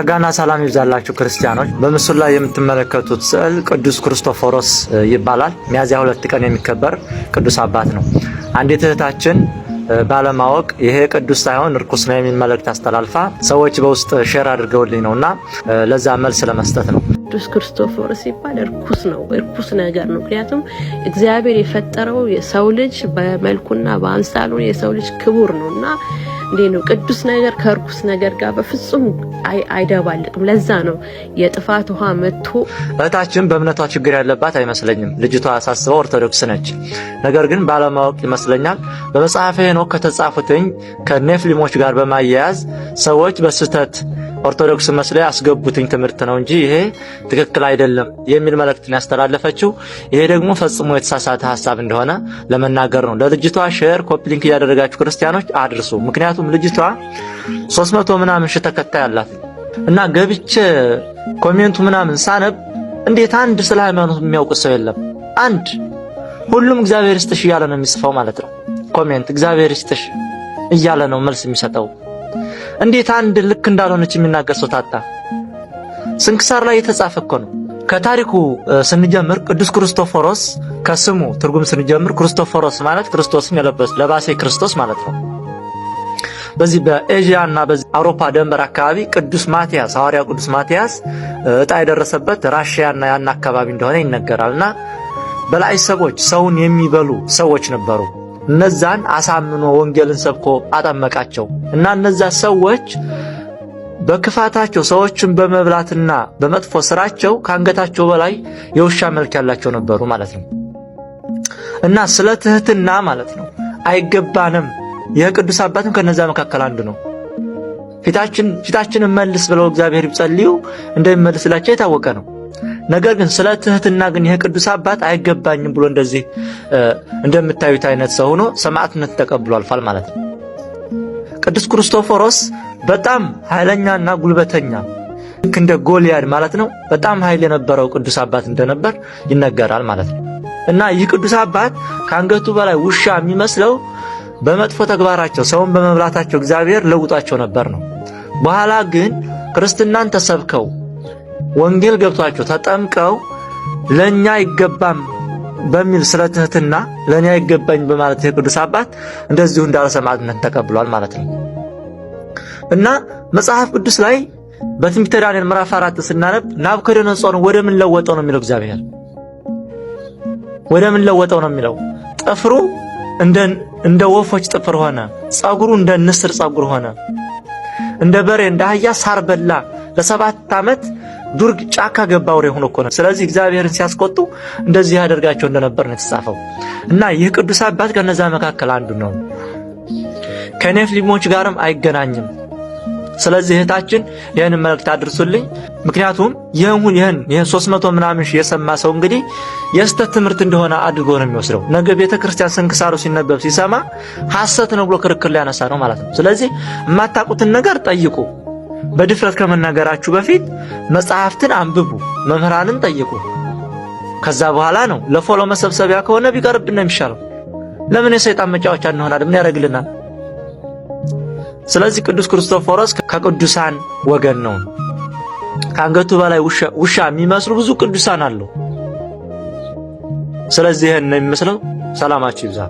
ጸጋና ሰላም ይብዛላችሁ ክርስቲያኖች። በምስሉ ላይ የምትመለከቱት ስዕል ቅዱስ ክርስቶፎሮስ ይባላል። ሚያዝያ ሁለት ቀን የሚከበር ቅዱስ አባት ነው። አንዲት እህታችን ባለማወቅ ይሄ ቅዱስ ሳይሆን እርኩስ ነው የሚል መልእክት አስተላልፋ ሰዎች በውስጥ ሼር አድርገውልኝ ነው እና ለዛ መልስ ለመስጠት ነው። ቅዱስ ክርስቶፎሮስ ሲባል እርኩስ ነው፣ እርኩስ ነገር ነው። ምክንያቱም እግዚአብሔር የፈጠረው የሰው ልጅ በመልኩና በአምሳሉ የሰው ልጅ ክቡር ነው እና እንዴ ነው ቅዱስ ነገር ከርኩስ ነገር ጋር በፍጹም አይደባልቅም። ለዛ ነው የጥፋት ውሃ መጥቶ እህታችን በእምነቷ ችግር ያለባት አይመስለኝም። ልጅቷ ሳስበው ኦርቶዶክስ ነች፣ ነገር ግን ባለማወቅ ይመስለኛል በመጽሐፈ ሄኖክ ከተጻፉትኝ ከኔፍሊሞች ጋር በማያያዝ ሰዎች በስህተት ኦርቶዶክስ መስለ ያስገቡትኝ ትምህርት ነው እንጂ ይሄ ትክክል አይደለም የሚል መልእክትን ያስተላለፈችው፣ ይሄ ደግሞ ፈጽሞ የተሳሳተ ሀሳብ እንደሆነ ለመናገር ነው። ለልጅቷ ሼር ኮፕሊንክ እያደረጋችሁ ክርስቲያኖች አድርሱ። ምክንያቱም ልጅቷ 300 ምናምን ሺህ ተከታይ አላት እና ገብቼ ኮሜንቱ ምናምን ሳነብ እንዴት አንድ ስለ ሃይማኖት የሚያውቅ ሰው የለም። አንድ ሁሉም እግዚአብሔር ይስጥሽ እያለ ነው የሚጽፈው ማለት ነው። ኮሜንት እግዚአብሔር ይስጥሽ እያለ ነው መልስ የሚሰጠው። እንዴት አንድ ልክ እንዳልሆነች የሚናገር ሰው ታጣ? ስንክሳር ላይ የተጻፈ እኮ ነው። ከታሪኩ ስንጀምር ቅዱስ ክርስቶፎሮስ ከስሙ ትርጉም ስንጀምር ክርስቶፎሮስ ማለት ክርስቶስን የለበሰ ለባሴ ክርስቶስ ማለት ነው። በዚህ በኤዥያ እና በዚህ አውሮፓ ደንበር አካባቢ ቅዱስ ማቲያስ ሐዋርያው ቅዱስ ማቲያስ እጣ የደረሰበት ራሽያ እና ያን አካባቢ እንደሆነ ይነገራል። እና በላይ ሰቦች ሰውን የሚበሉ ሰዎች ነበሩ። እነዛን አሳምኖ ወንጌልን ሰብኮ አጠመቃቸው እና እነዛ ሰዎች በክፋታቸው ሰዎችን በመብላትና በመጥፎ ስራቸው ከአንገታቸው በላይ የውሻ መልክ ያላቸው ነበሩ ማለት ነው። እና ስለ ትህትና ማለት ነው አይገባንም። የቅዱስ አባትም ከነዛ መካከል አንዱ ነው። ፊታችን ፊታችንን መልስ ብለው እግዚአብሔር ይጸልዩ እንደሚመልስላቸው የታወቀ ነው። ነገር ግን ስለ ትህትና ግን ይሄ ቅዱስ አባት አይገባኝም ብሎ እንደዚህ እንደምታዩት አይነት ሰው ሆኖ ሰማዕትነት ተቀብሎ አልፏል ማለት ነው። ቅዱስ ክርስቶፎሮስ በጣም ኃይለኛና ጉልበተኛ ልክ እንደ ጎልያድ ማለት ነው። በጣም ኃይል የነበረው ቅዱስ አባት እንደነበር ይነገራል ማለት ነው። እና ይህ ቅዱስ አባት ከአንገቱ በላይ ውሻ የሚመስለው በመጥፎ ተግባራቸው ሰውን በመብላታቸው እግዚአብሔር ለውጧቸው ነበር ነው። በኋላ ግን ክርስትናን ተሰብከው ወንጌል ገብቷቸው ተጠምቀው ለእኛ አይገባም በሚል ስለ ትህትና ለእኔ አይገባኝ በማለት የቅዱስ አባት እንደዚሁ እንዳለ ሰማዕትነት ተቀብሏል ማለት ነው እና መጽሐፍ ቅዱስ ላይ በትንቢተ ዳንኤል ምዕራፍ አራት ስናነብ ናቡከደነጾርን ወደ ምን ለወጠው ነው የሚለው እግዚአብሔር ወደ ምን ለወጠው ነው የሚለው ጥፍሩ እንደ ወፎች ጥፍር ሆነ ጸጉሩ እንደ ንስር ጸጉር ሆነ እንደ በሬ እንደ አህያ ሳር በላ ለሰባት ዓመት ዱር ጫካ ገባ አውሬ ሆኖ እኮ ነው። ስለዚህ እግዚአብሔርን ሲያስቆጡ እንደዚህ ያደርጋቸው እንደነበር ነው የተጻፈው እና ይህ ቅዱስ አባት ከነዛ መካከል አንዱ ነው። ከኔፍሊሞች ጋርም አይገናኝም። ስለዚህ እህታችን ይህን መልእክት አድርሱልኝ። ምክንያቱም ይህን ይህን ይህን 300 ምናምን የሰማ ሰው እንግዲህ የስተት ትምህርት እንደሆነ አድርጎ ነው የሚወስደው። ነገ ቤተ ክርስቲያን ስንክሳሩ ሲነበብ ሲሰማ ሐሰት ነው ብሎ ክርክር ሊያነሳ ነው ማለት ነው። ስለዚህ የማታውቁትን ነገር ጠይቁ። በድፍረት ከመናገራችሁ በፊት መጽሐፍትን አንብቡ፣ መምህራንን ጠይቁ። ከዛ በኋላ ነው ለፎሎ መሰብሰቢያ ከሆነ ቢቀርብን ነው የሚሻለው። ለምን የሰይጣን መጫወቻ እንሆናለን? ምን ያደርግልናል? ስለዚህ ቅዱስ ክርስቶፎሮስ ከቅዱሳን ወገን ነው። ከአንገቱ በላይ ውሻ የሚመስሉ ብዙ ቅዱሳን አለው። ስለዚህ ይህን ነው የሚመስለው። ሰላማችሁ ይብዛ።